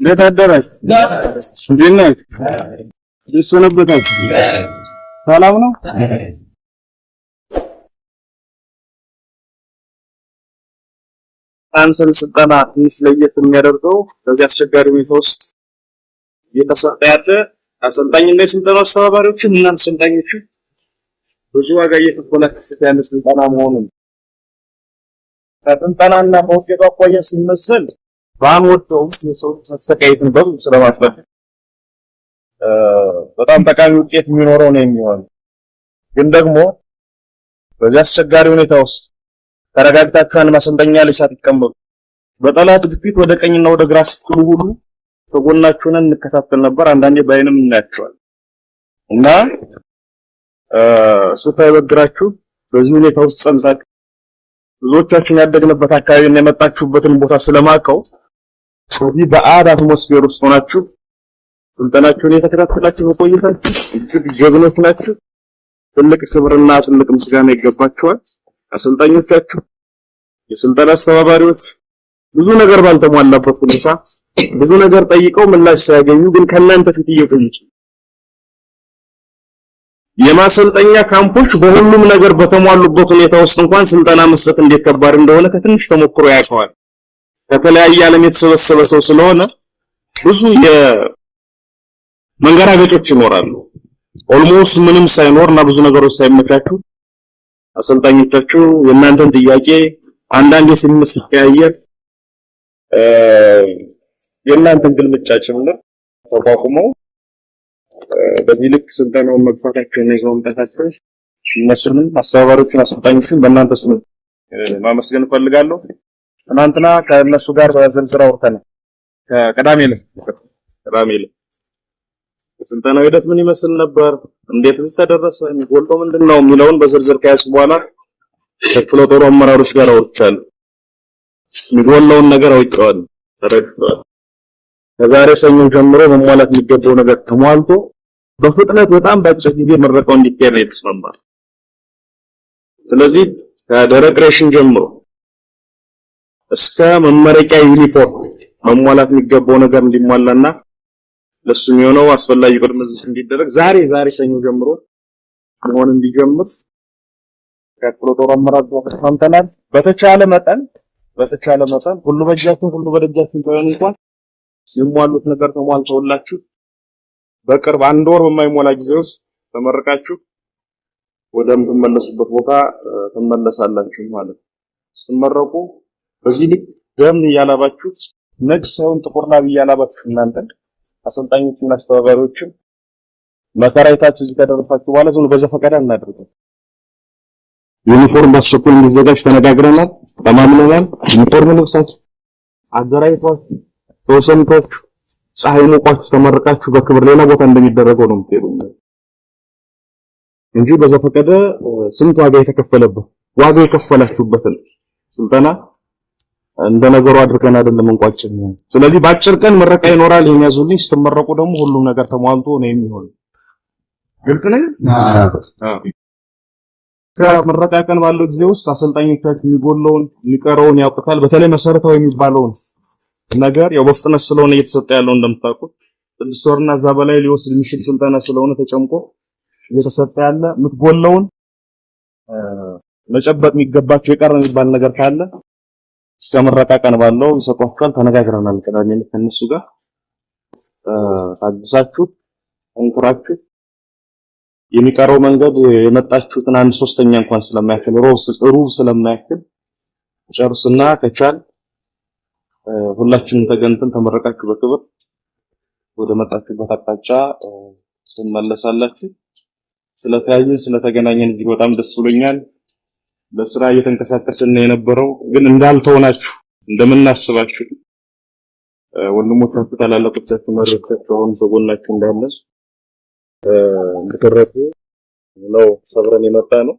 እንዴት አደራችሁ? እንዴት እንዴት ሰነበታችሁ? ሰላም ነው? ካንሰር ስልጠና ትንሽ ለየት የሚያደርገው በዚህ አስቸጋሪ ሁኔታ ውስጥ እየተሰጠ ያለ አሰልጣኝና የስልጠና አስተባባሪዎችን እና አሰልጣኞቹ ብዙ ዋጋ ያለ ስልጠና መሆኑን ከስልጠናና ከውጤቱ አኳያ ባንወደው የሰው መሰቃየትን በሙሉ ስለማጥፋት በጣም ጠቃሚ ውጤት የሚኖረው ነው የሚሆን ግን ደግሞ በዚህ አስቸጋሪ ሁኔታ ውስጥ ተረጋግታችሁ አንድ ማሰልጠኛ ላይ ሳትቀመጡ በጠላት ግፊት ወደ ቀኝና ወደ ግራ ስትሉ ሁሉ ከጎናችሁ ነን እንከታተል ነበር። አንዳንዴ በአይንም እናያቸዋል እና እሱ ሳይበግራችሁ በዚህ ሁኔታ ውስጥ ጸንታችሁ ብዙዎቻችን ያደግንበት አካባቢ የመጣችሁበትን ቦታ ስለማቀው ስለዚህ በአድ አትሞስፌር ውስጥ ሆናችሁ ስልጠናችሁን የተከታተላችሁ ቆይታችሁ እጅግ ጀግኖች ናችሁ። ትልቅ ክብርና ትልቅ ምስጋና ይገባችኋል። አሰልጣኞቻችሁ፣ የስልጠና አስተባባሪዎች ብዙ ነገር ባልተሟላበት ሁኔታ ብዙ ነገር ጠይቀው ምላሽ ሳያገኙ ግን ከእናንተ ፊት እየቆዩት የማሰልጠኛ ካምፖች በሁሉም ነገር በተሟሉበት ሁኔታ ውስጥ እንኳን ስልጠና መስጠት እንዴት ከባድ እንደሆነ ከትንሽ ተሞክሮ ያውቀዋል። ከተለያየ ዓለም የተሰበሰበ ሰው ስለሆነ ብዙ የመንገራገጮች ይኖራሉ። ኦልሞስት ምንም ሳይኖር እና ብዙ ነገሮች ሳይመቻቹ አሰልጣኞቻችሁ የእናንተን ጥያቄ አንዳንዴ ስሜት ሲቀያየር የእናንተን ግልምጫ ጭምር ተቋቁመው በዚህ ልክ ስልጠናውን መግፋታቸውና ይዘው መምጣታቸው እነሱንም አስተባባሪዎችን አሰልጣኞችን በእናንተ ስም ማመስገን እፈልጋለሁ። ትናንትና ከእነሱ ጋር በዝርዝር አውርተናል። ከቀዳሚ ዕለት ቀዳሚ ዕለት የስልጠናው ሂደት ምን ይመስል ነበር፣ እንዴት እዚህ ተደረሰ፣ የሚጎለው ምንድን ነው የሚለውን በዝርዝር ከያዝ በኋላ ከክፍለ ጦሩ አመራሮች ጋር አውርቻለሁ። የሚጎለውን ነገር አውቀዋል፣ ተረድተዋል። ከዛሬ ሰኞ ጀምሮ መሟላት የሚገባው ነገር ተሟልቶ በፍጥነት በጣም በአጭር ጊዜ መረቀው እንዲካሄድ ነው ስለዚህ ከደረቅ ሬሽን ጀምሮ እስከ መመረቂያ ዩኒፎርም መሟላት የሚገባው ነገር እንዲሟላና ለሱ የሚሆነው አስፈላጊ ቅድመ ዝግጅት እንዲደረግ ዛሬ ዛሬ ሰኞ ጀምሮ መሆን እንዲጀምር ከክፍለ ጦር አመራር ጋር ተስማምተናል። በተቻለ መጠን በተቻለ መጠን ሁሉ በእጃችን ሁሉ በደጃችን ባይሆን እንኳን የሟሉት ነገር ተሟልተውላችሁ በቅርብ አንድ ወር በማይሞላ ጊዜ ውስጥ ተመርቃችሁ ወደምትመለሱበት ቦታ ትመለሳላችሁ ማለት ነው። ስትመረቁ በዚህ ልክ ደምን እያላባችሁት ነጭ ሳይሆን ጥቁር ላብ እያላባችሁ እናንተ አሰልጣኞችና አስተባባሪዎችም መከራየታችሁ እዚህ ከደረሳችሁ በኋላ ዝም በዘፈቀደ እናደርገው። ዩኒፎርም በአስቸኳይ እንዲዘጋጅ ተነጋግረናል፣ ተማምነናል። ዩኒፎርም ልብሳችሁ አደራጅቷችሁ ተወሰንቷችሁ ፀሐይ ሞቋችሁ ተመረቃችሁ በክብር ሌላ ቦታ እንደሚደረገው ነው የምትሄዱት እንጂ በዘፈቀደ ስንት ዋጋ የተከፈለበት ዋጋ የከፈላችሁበትን ስልጠና እንደ ነገሩ አድርገን አይደለም እንቋጭን። ስለዚህ በአጭር ቀን ምረቃ ይኖራል። የሚያዙልኝ ስትመረቁ ደግሞ ሁሉም ነገር ተሟልቶ ነው የሚሆነው። ግልጽ ነው። ከምረቃ ቀን ባለው ጊዜ ውስጥ አሰልጣኞቻችን የሚጎለውን የሚቀረውን ያውቁታል። በተለይ መሰረታዊ የሚባለውን ነገር ያው በፍጥነት ስለሆነ እየተሰጠ ያለው እንደምታውቁት ስድስት ወርና እዛ በላይ ሊወስድ የሚችል ስልጠና ስለሆነ ተጨምቆ እየተሰጠ ያለ የምትጎለውን መጨበጥ የሚገባቸው የቀረ የሚባል ነገር ካለ እስከ ምረቃ ቀን ባለው ይሰጧቸዋል። ተነጋግረናል ቅዳሜ ከነሱ ጋር ታግሳችሁ እንኩራችሁ የሚቀረው መንገድ የመጣችሁትን አንድ ሶስተኛ እንኳን ስለማያክል ሩብ ስለማያክል ጨርስና ከቻል ሁላችንም ተገንተን ተመረቃችሁ በክብር ወደ መጣችሁበት አቅጣጫ ትመለሳላችሁ። ስለተያየን ስለተገናኘን እጅግ በጣም ደስ ብሎኛል። ለስራ እየተንቀሳቀስን የነበረው ግን እንዳልተሆናችሁ እንደምናስባችሁ ወንድሞቻችሁ፣ ታላላቆቻችሁ፣ መሪዎቻችሁ አሁን በጎናችሁ እንዳለ እንድትረዱ ነው ሰብረን የመጣ ነው።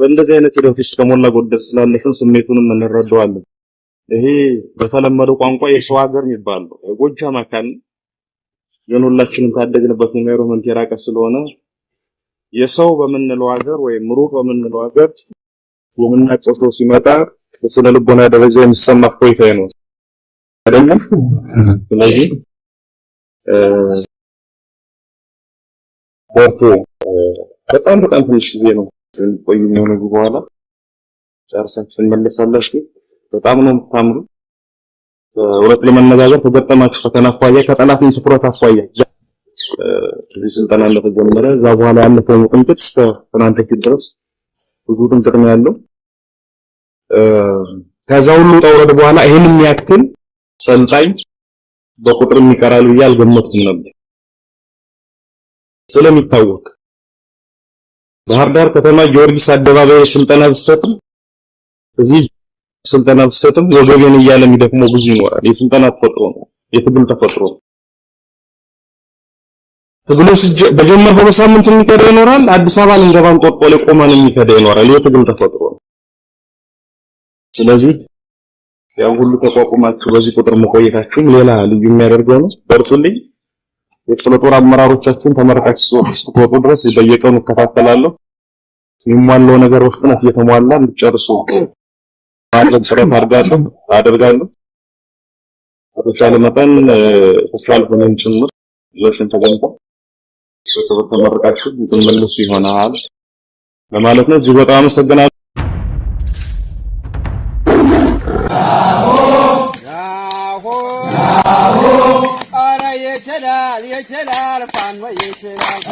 በእንደዚህ አይነት ሂደት ውስጥ ከሞላ ጎደል ስላለፍን ስሜቱንም እንረዳዋለን። ይሄ በተለመደው ቋንቋ የሰው ሀገር የሚባል ነው። የጎጃም አካል ግን ሁላችንም ካደግንበት ኑሮ የራቀ ስለሆነ يسوع من الواجر ويمروه من الواجر ومن نفسه سمتا بس انا لبنا ده زي نسمى خوي فينو ادنى ماشي ااا بورتو بتاعنا كان في شيء زينو ወይ የሚሆነ ጉ በኋላ ጨርሰን ትመለሳላችሁ በጣም ነው የምታምሩ እውነት ለመነጋገር ተገጠማችሁ ፈተና አኳያ ከጠላትን ስኩረት አኳያ ስልጠና እንደተጀመረ እዛ በኋላ ያለፈው ጥንቅት እስከ ትናንት ድረስ ብዙ ጥንቅት ነው ያለው። ከዛ ሁሉ ውጣ ውረድ በኋላ ይሄን የሚያክል ሰልጣኝ በቁጥር የሚቀራል ብዬ አልገመትኩም ነበር። ስለሚታወቅ ባህር ዳር ከተማ ጊዮርጊስ አደባባይ ስልጠና ብሰጥም እዚህ ስልጠና ብሰጥም ወገቤን እያለ የሚደክመው ብዙ ይኖራል። የስልጠና ተፈጥሮ ነው፣ የትግል ተፈጥሮ ነው። ትግሉ በጀመር በሳምንት የሚከዳ ይኖራል። አዲስ አበባ ልንገባም ቆርጦ ለቆማን የሚከዳ ይኖራል። ይህ ትግል ተፈጥሮ ነው። ስለዚህ ያው ሁሉ ተቋቁማችሁ በዚህ ቁጥር መቆየታችሁም ሌላ ልዩ የሚያደርገው ነው። በርቱልኝ። የክፍለ ጦር አመራሮቻችሁን ተመረቃችሁ ስትወጡ ድረስ በየቀኑ እከታተላለሁ። የሚሟላው ነገር በፍጥነት እየተሟላ እንድጨርሱ ማድረግ ጥረት አድርጋለሁ አደርጋለሁ። በተቻለ መጠን ተስፋ ሆነን ጭምር ዘሽን ተገንቋል ተመረቃችሁ ትመልሱ ይሆናል ለማለት ነው። እጅግ በጣም አመሰግናለሁ። ይችላል ይችላል ፋኖ ይችላል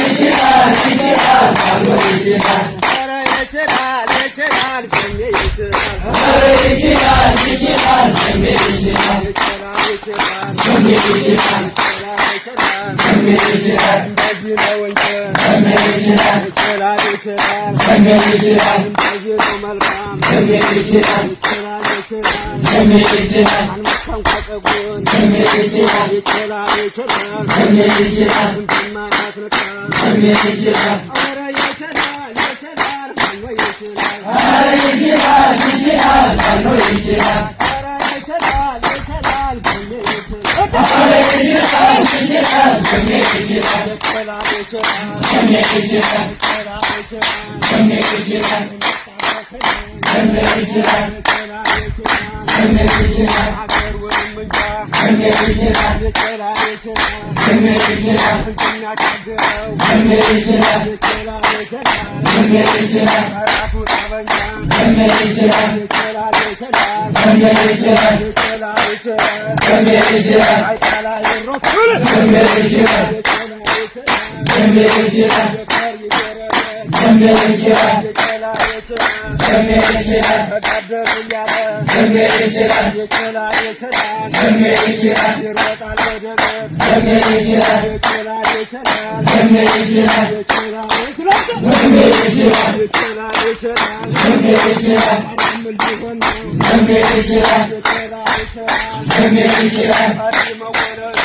ይችላል ይችላል ፋኖ ይችላል ይችላል ይችላል ስሜ ይችላል ይችላል ይችላል ስሜ ይችላል ይችላል ይችላል ስሜ ይችላል Zeminiciler Zeminiciler Zeminiciler Zeminiciler Zeminiciler Zeminiciler Zeminiciler Zeminiciler Ara yeşiler, yeşiler, kanu yeşiler 前面这些山，这些山，前面这些山，前面这些山，前面这些山，前面这些山，前面这些山。Zemlericiler Zemlericiler Zemlericiler Zemlericiler Zemlericiler Zemlericiler Zemlericiler Zemlericiler Zemlericiler ዘመድ ይችላል ዘመድ ይችላል ዘመድ ይችላል ዘመድ ይችላል ዘመድ ይችላል ዘመድ ይችላል ዘመድ ይችላል ዘመድ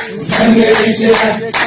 ይችላል ዘመድ ይችላል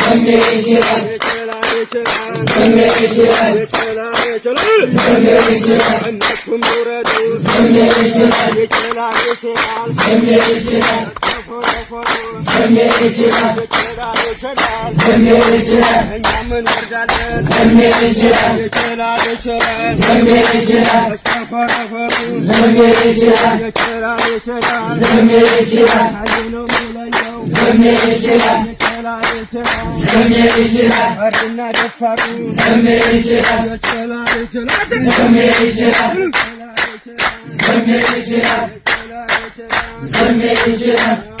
Zümreciler Zümreciler Zümreciler Zümreciler Zümreciler Zemirciler Zemirciler Zemirciler Zemirciler Zemirciler Zemirciler Zemirciler Zemirciler Zemirciler Zemirciler Zemirciler Zemirciler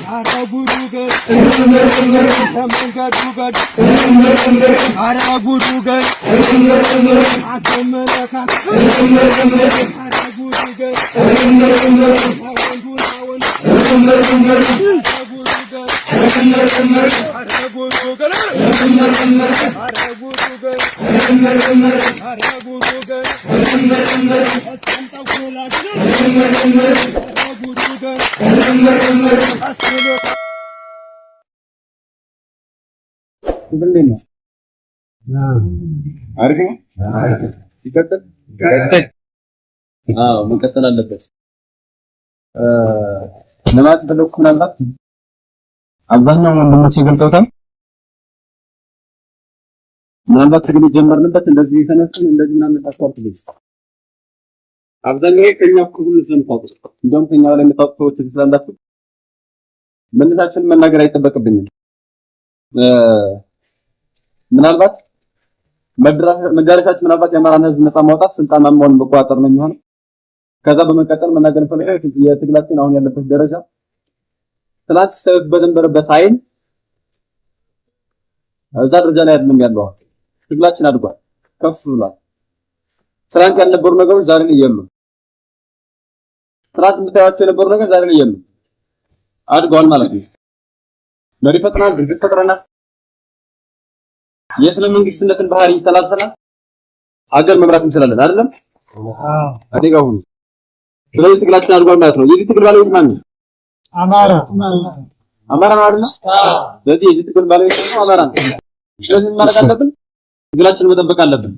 አረ ከመንገዱ ገድ አረጉ ዱገን አትመለካት አረጉ ዱገን አረጉ ዱገን እንዴት ነው? አሪፍ ነው። ይቀጥል። አዎ መቀጠል አለበት። ለማለት ፈለኩ ምናልባት አብዛኛው ወንድሞች ይገልጸውታል። ምናልባት ትግል ጀመርንበት እንደዚህ እንደዚህ ምናምን አብዛኛው ከኛ ሁሉ ዘምታው እንደውም ከኛ ላይ የምታውቁ ሰዎች ስላላችሁ መናገር አይጠበቅብኝም። ምናልባት መዳረሻችን ምናልባት የአማራን ህዝብ ነፃ ማውጣት ስልጣን ማመሆን መቆጣጠር ነው የሚሆነው። ከዛ በመቀጠል መናገር ፈልገው የትግላችን አሁን ያለበት ደረጃ ትናንት ሰብ በነበረበት አይን እዛ ደረጃ ላይ አይደለም ያለው። ትግላችን አድጓል፣ ከፍ ብሏል። ትናንት ያልነበሩ ነገሮች ዛሬ ላይ የሉም። ትናንት የምታያቸው የነበሩ ነገሮች ዛሬ ላይ የሉም። አድጓል ማለት ነው። መሪ ፈጥናል፣ ድርጅት ፈጥረናል። የእስልም መንግስትነትን ባህሪ ተላብሰናል። አገር መምራት እንችላለን አይደለም? እኔ ጋር ሁኑ። ስለዚህ ትግላችን አድርጓል ማለት ነው። የዚህ ትግል ባለቤት ማን ነው? አማራ አማራ ነው አይደል? ስለዚህ የዚህ ትግል ባለቤት ነው አማራ ነው። ስለዚህ ማድረግ አለብን፣ ትግላችን መጠበቅ አለብን።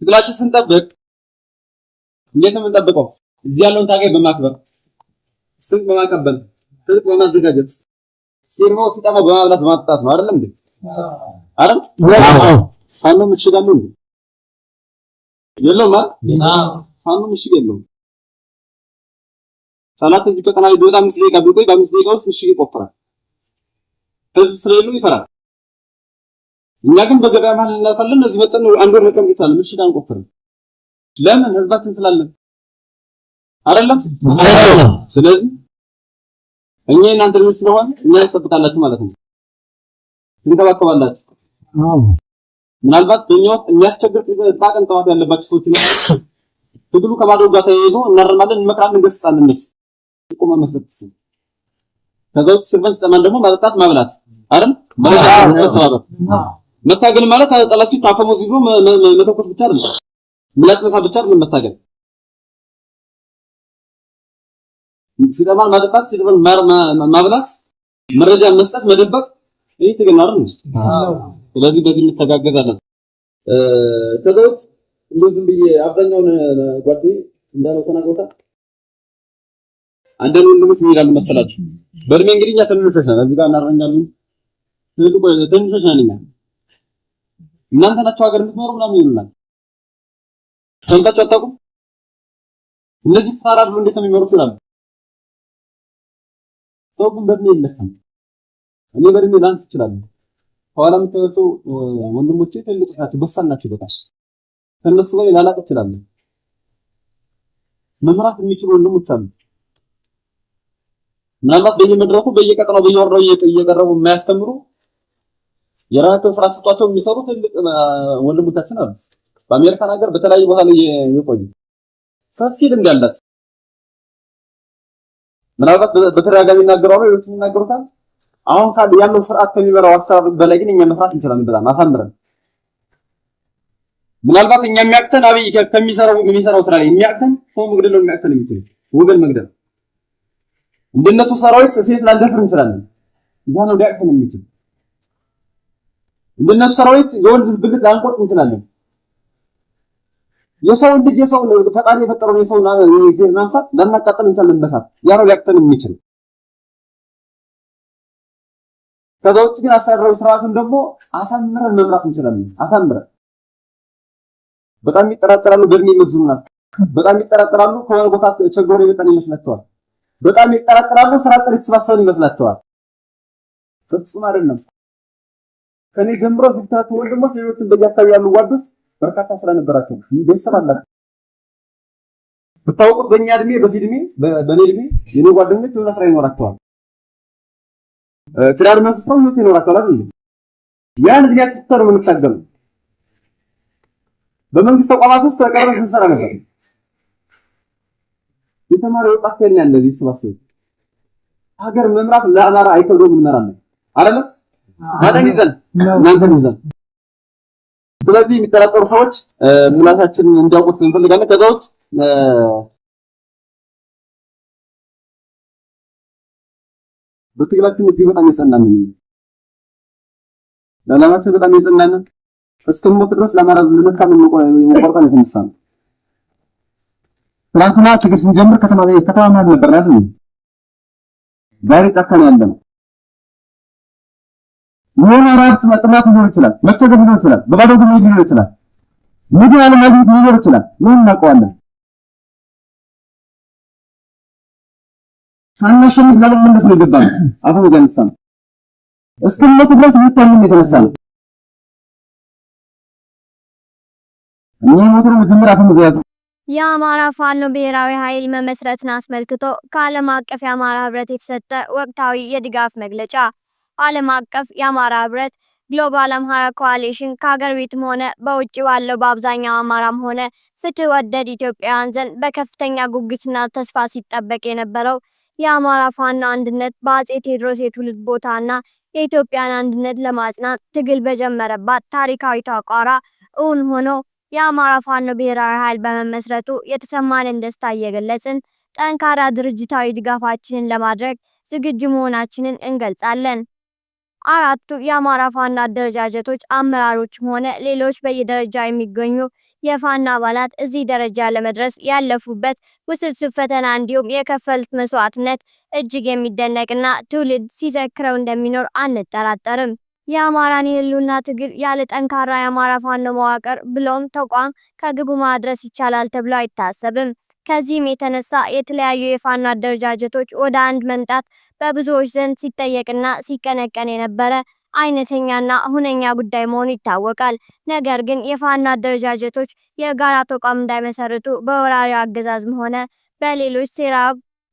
ትግላችን ስንጠብቅ እንዴት ነው የምንጠብቀው? እዚህ ያለውን ታጋይ በማክበር ስንቅ በማቀበል ትጥቅ በማዘጋጀት ሲርመው ሲጠማው በማብላት በማጠጣት ነው አይደለም እንዴ? ፋኖ ምሽግ አለ የለውም። ፋኖ ምሽግ የለውም። ጠላት እዚህ ቀጠና ቢወጣ አምስት ደቂቃ ቢቆይ በአምስት ደቂቃ ውስጥ ምሽግ ይቆፍራል። ህዝብ ስለሌለው ይፈራል። እኛ ግን በገበያ መሀል እናታለን። እዚህ መጠን አንድ ወር መቀመጥ ይቻላል። ምሽግ አንቆፍርም። ለምን ህዝባችን ስላለን አይደለም። ስለዚህ እኛ እናንተ ልጆች ስለሆነ እኛ ያስጠብቃላችሁ ማለት ነው። ትንከባከባላችሁ። ምናልባት በእኛ ውስጥ የሚያስቸግር ጥቃቅን ጥዋት ያለባቸው ሰዎች ይመስላል። ትግሉ ከማድረጉ ጋር ተያይዞ እናረማለን፣ እንመክራለን፣ እንገስጻለን። እነሱ ቁማ መስጠት ከዛ ውጭ ስርበን ስጠማን ደግሞ ማጠጣት፣ ማብላት አይደል መተባበር መታገል ማለት ጠላችሁ ታፈሙዝ ሲዞ መተኮስ ብቻ አይደለም፣ ምላጭ መሳብ ብቻ አይደለም። መታገል ሲጠማን ማጠጣት፣ ሲጠማን ማብላት፣ መረጃ መስጠት፣ መደበቅ ይሄ ትግል ነው አይደል? ስለዚህ በዚህ እንተጋገዛለን። ከዛ ውጭ እንደው ዝም ብዬ አብዛኛውን ጓደኛዬ እንዳለው ተናግሮታል። አንዳንድ ወንድሞች ምን ይላሉ መሰላችሁ? በእድሜ እንግዲህ እኛ ትንሾች ነን፣ እዚህ ጋር እናረኛለን። ትንሾች ነን እኛ እናንተ ናቸው ሀገር የምትኖሩ ምናምን ይሉናል። ሰምታችሁ አታውቁም? እነዚህ ተራራ ብሎ እንዴት ነው የሚመሩት ይላሉ። ሰው ግን በእድሜ የለህም እኔ በእድሜ ላንስ ይችላል። ከኋላ የምታዩት ወንድሞቼ ትልቅ ናቸው፣ በሳል ናቸው። በጣም ከእነሱ ጋር ላላቅ መምራት የሚችሉ ወንድሞች አሉ። ምናልባት በየመድረኩ በየቀጠናው በየወረው እየቀረቡ የማያስተምሩ የራሳቸው ስራ ስጧቸው የሚሰሩ ትልቅ ወንድሞቻችን አሉ። በአሜሪካን ሀገር በተለያዩ ቦታ ላይ የቆዩ ሰፊ ልምድ ያላቸው ምናልባት በተደጋጋሚ ይናገራሉ፣ ሌሎች ይናገሩታል። አሁን ካለ ያለው ስርዓት ከሚበላው አሰራር በላይ ግን እኛ መስራት እንችላለን። በጣም አሳምረን ምናልባት እኛ የሚያቅተን አብይ ከሚሰራው የሚሰራው ስራ ላይ የሚያቅተን ሰው መግደል ነው የሚያቅተን የሚችል ወገን መግደል እንደነሱ ሰራዊት ሴት ላንደፍር እንችላለን። ያ ነው ሊያቅተን የሚችል እንደነሱ ሰራዊት የወንድ ብልት ላንቆርጥ እንችላለን። የሰው ልጅ የሰው ፈጣሪ የፈጠረውን የሰው ናንሳት ላናቃጠል እንችላለን። በሳት ያ ነው ሊያቅተን የሚችል ከዛ ውጭ ግን አስተዳደራዊ ስርዓቱን ደግሞ አሳምረን መምራት እንችላለን። አሳምረን በጣም ይጠራጠራሉ፣ በእድሜ ይመዝኑና በጣም ይጠራጠራሉ፣ ከሆነ ቦታ ቸገሩ የመጣን ይመስላቸዋል። በጣም ይጠራጠራሉ፣ ስራ አጥተን የተሰባሰብን ይመስላቸዋል። ፍጹም አይደለም። ከኔ ጀምሮ ፍታት ወንድሞች፣ ሌሎችን በየአካባቢ ያሉ ጓዶች በርካታ ስራ ነበራቸው፣ ቤተሰብ አላቸው። ብታውቁት በእኛ እድሜ በዚህ እድሜ በእኔ እድሜ የኔ ጓደኞች የሆነ ስራ ይኖራቸዋል ትዳር መስሰው ነው ይኖራቸዋል አይደል? ያን ግን ተጠሩ ምን ተገም በመንግስት ተቋማት ውስጥ ተቀርበን ስንሰራ ነበር። የተማሪ ወጣት ከኛ ያለ ይስባስ ሀገር መምራት ለአማራ አይተጎም እንመራለን አይደል? አደን ይዘን እናንተን ይዘን ስለዚህ የሚጠራጠሩ ሰዎች ሙላታችንን እንዲያውቁት እንፈልጋለን። ከዛ ውጭ በትግላችን እጅግ በጣም የጸናን ነው። ለዓላማችን በጣም የጸናን እስከሞት ድረስ ለአማራ ሕዝብ ለመልካም የምንቆርጠን የተነሳ ነው። ትናንትና ትግል ስንጀምር ከተማ ላይ ከተማ ማለት ነበር አይደል? ዛሬ ጫካ ነው ያለነው። የሆነ ራብ ጥማት ሊኖር ይችላል፣ መቸገር ሊኖር ይችላል፣ በባዶ ሊኖር ይችላል፣ ምግብ አለማግኘት ሊኖር ይችላል። ምን እናውቀዋለን? ሳናሸንፍ ለመመለስ ነው ይገባል። አሁን ወደ አንሳ እስከምሞት ድረስ ይታምን የተነሳ ነው እኛ ሞተሩ ጀምራ አፈሙጋት የአማራ ፋኖ ብሔራዊ ኃይል መመስረትን አስመልክቶ ከዓለም አቀፍ የአማራ ህብረት የተሰጠ ወቅታዊ የድጋፍ መግለጫ። ዓለም አቀፍ የአማራ ህብረት ግሎባል አምሃራ ኮአሊሽን ከሀገር ቤትም ሆነ በውጭ ባለው በአብዛኛው አማራም ሆነ ፍትህ ወደድ ኢትዮጵያውያን ዘንድ በከፍተኛ ጉጉትና ተስፋ ሲጠበቅ የነበረው የአማራ ፋኖ አንድነት በአጼ ቴዎድሮስ የትውልድ ቦታና የኢትዮጵያን አንድነት ለማጽናት ትግል በጀመረባት ታሪካዊቷ ቋራ እውን ሆኖ የአማራ ፋኖ ብሔራዊ ኃይል በመመስረቱ የተሰማንን ደስታ እየገለጽን ጠንካራ ድርጅታዊ ድጋፋችንን ለማድረግ ዝግጁ መሆናችንን እንገልጻለን። አራቱ የአማራ ፋኖ አደረጃጀቶች አመራሮችም ሆነ ሌሎች በየደረጃ የሚገኙ የፋኖ አባላት እዚህ ደረጃ ለመድረስ ያለፉበት ውስብስብ ፈተና እንዲሁም የከፈሉት መስዋዕትነት እጅግ የሚደነቅና ትውልድ ሲዘክረው እንደሚኖር አንጠራጠርም። የአማራን የህልውና ትግል ያለ ጠንካራ የአማራ ፋኖ መዋቅር ብሎም ተቋም ከግቡ ማድረስ ይቻላል ተብሎ አይታሰብም። ከዚህም የተነሳ የተለያዩ የፋኖ አደረጃጀቶች ወደ አንድ መምጣት በብዙዎች ዘንድ ሲጠየቅና ሲቀነቀን የነበረ አይነተኛና ሁነኛ ጉዳይ መሆኑ ይታወቃል። ነገር ግን የፋኖ አደረጃጀቶች የጋራ ተቋም እንዳይመሰርቱ በወራሪው አገዛዝም ሆነ በሌሎች ሴራ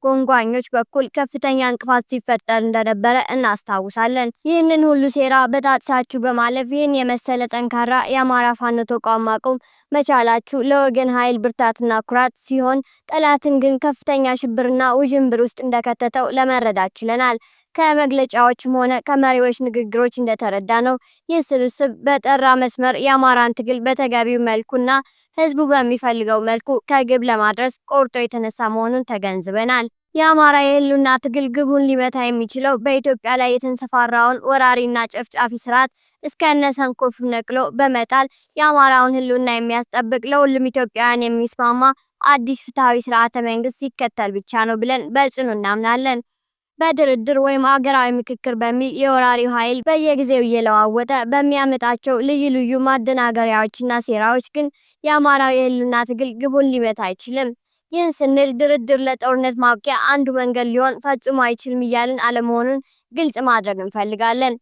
ጎንጓኞች በኩል ከፍተኛ እንቅፋት ሲፈጠር እንደነበረ እናስታውሳለን። ይህንን ሁሉ ሴራ በጣጥሳችሁ በማለፍ ይህን የመሰለ ጠንካራ የአማራ ፋኖ ተቋም ማቆም መቻላችሁ ለወገን ኃይል ብርታትና ኩራት ሲሆን፣ ጠላትን ግን ከፍተኛ ሽብርና ውዥንብር ውስጥ እንደከተተው ለመረዳት ችለናል። ከመግለጫዎችም ሆነ ከመሪዎች ንግግሮች እንደተረዳ ነው ይህ ስብስብ በጠራ መስመር የአማራን ትግል በተገቢው መልኩና ህዝቡ በሚፈልገው መልኩ ከግብ ለማድረስ ቆርጦ የተነሳ መሆኑን ተገንዝበናል። የአማራ የህልውና ትግል ግቡን ሊመታ የሚችለው በኢትዮጵያ ላይ የተንሰፋራውን ወራሪና ጨፍጫፊ ስርዓት እስከነ ሰንኮፉ ነቅሎ በመጣል የአማራውን ህልውና የሚያስጠብቅ ለሁሉም ኢትዮጵያውያን የሚስማማ አዲስ ፍትሐዊ ስርዓተ መንግስት ሲከተል ብቻ ነው ብለን በጽኑ እናምናለን። በድርድር ወይም አገራዊ ምክክር በሚል የወራሪ ኃይል በየጊዜው እየለዋወጠ በሚያመጣቸው ልዩ ልዩ ማደናገሪያዎችና ሴራዎች ግን የአማራው የህልውና ትግል ግቡን ሊመታ አይችልም። ይህን ስንል ድርድር ለጦርነት ማብቂያ አንዱ መንገድ ሊሆን ፈጽሞ አይችልም እያልን አለመሆኑን ግልጽ ማድረግ እንፈልጋለን።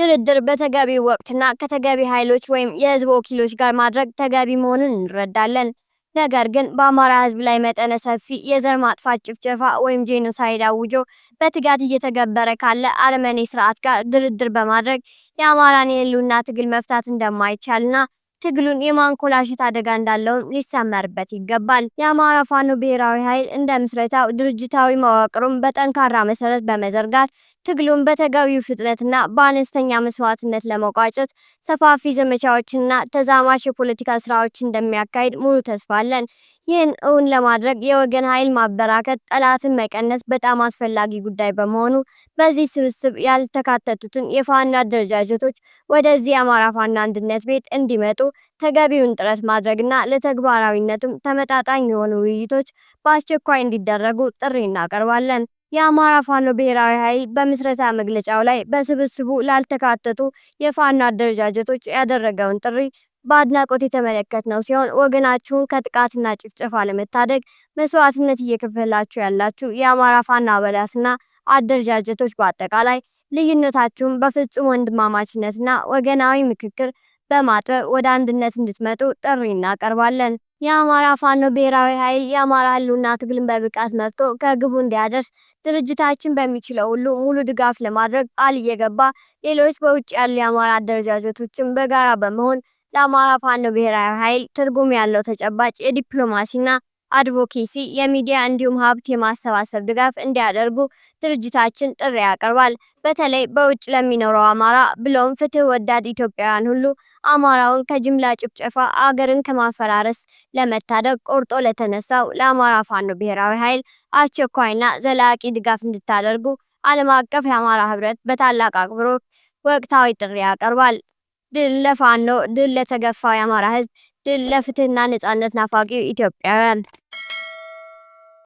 ድርድር በተገቢው ወቅትና ከተገቢ ኃይሎች ወይም የህዝብ ወኪሎች ጋር ማድረግ ተገቢ መሆኑን እንረዳለን። ነገር ግን በአማራ ህዝብ ላይ መጠነ ሰፊ የዘር ማጥፋት ጭፍጨፋ ወይም ጄኖሳይድ አውጆ በትጋት እየተገበረ ካለ አረመኔ ስርዓት ጋር ድርድር በማድረግ የአማራን የህልውና ትግል መፍታት እንደማይቻልና ትግሉን የማንኮላሸት አደጋ እንዳለውም ሊሰመርበት ይገባል። የአማራ ፋኖ ብሔራዊ ኃይል እንደ ምስረታው ድርጅታዊ መዋቅሩም በጠንካራ መሰረት በመዘርጋት ትግሉን በተገቢው ፍጥነትና በአነስተኛ መስዋዕትነት ለመቋጨት ሰፋፊ ዘመቻዎችንና ተዛማሽ የፖለቲካ ስራዎች እንደሚያካሂድ ሙሉ ተስፋ አለን። ይህን እውን ለማድረግ የወገን ኃይል ማበራከት፣ ጠላትን መቀነስ በጣም አስፈላጊ ጉዳይ በመሆኑ በዚህ ስብስብ ያልተካተቱትን የፋኖ አደረጃጀቶች ወደዚህ የአማራ ፋኖ አንድነት ቤት እንዲመጡ ተገቢውን ጥረት ማድረግና ለተግባራዊነትም ተመጣጣኝ የሆኑ ውይይቶች በአስቸኳይ እንዲደረጉ ጥሪ እናቀርባለን። የአማራ ፋኖ ብሔራዊ ኃይል በምስረታ መግለጫው ላይ በስብስቡ ላልተካተቱ የፋኖ አደረጃጀቶች ያደረገውን ጥሪ በአድናቆት የተመለከትነው ሲሆን ወገናችሁን ከጥቃትና ጭፍጨፋ ለመታደግ መስዋዕትነት እየከፈላችሁ ያላችሁ የአማራ ፋኖ አባላትና አደረጃጀቶች በአጠቃላይ ልዩነታችሁን በፍጹም ወንድማማችነትና ወገናዊ ምክክር በማጥበብ ወደ አንድነት እንድትመጡ ጥሪ እናቀርባለን። የአማራ ፋኖ ብሔራዊ ኃይል የአማራ ህልውና ትግልን በብቃት መርቶ ከግቡ እንዲያደርስ ድርጅታችን በሚችለው ሁሉ ሙሉ ድጋፍ ለማድረግ ቃል እየገባ ሌሎች በውጭ ያሉ የአማራ አደረጃጀቶችን በጋራ በመሆን ለአማራ ፋኖ ብሔራዊ ኃይል ትርጉም ያለው ተጨባጭ የዲፕሎማሲና አድቮኬሲ፣ የሚዲያ እንዲሁም ሀብት የማሰባሰብ ድጋፍ እንዲያደርጉ ድርጅታችን ጥሪ ያቀርባል። በተለይ በውጭ ለሚኖረው አማራ ብሎም ፍትህ ወዳድ ኢትዮጵያውያን ሁሉ አማራውን ከጅምላ ጭፍጨፋ አገርን ከማፈራረስ ለመታደግ ቆርጦ ለተነሳው ለአማራ ፋኖ ብሔራዊ ኃይል አስቸኳይና ዘላቂ ድጋፍ እንድታደርጉ ዓለም አቀፍ የአማራ ህብረት በታላቅ አክብሮት ወቅታዊ ጥሪ ያቀርባል። ድል ለፋኖ! ድል ለተገፋው የአማራ ህዝብ! ድል ለፍትህና ነጻነት ናፋቂ ኢትዮጵያውያን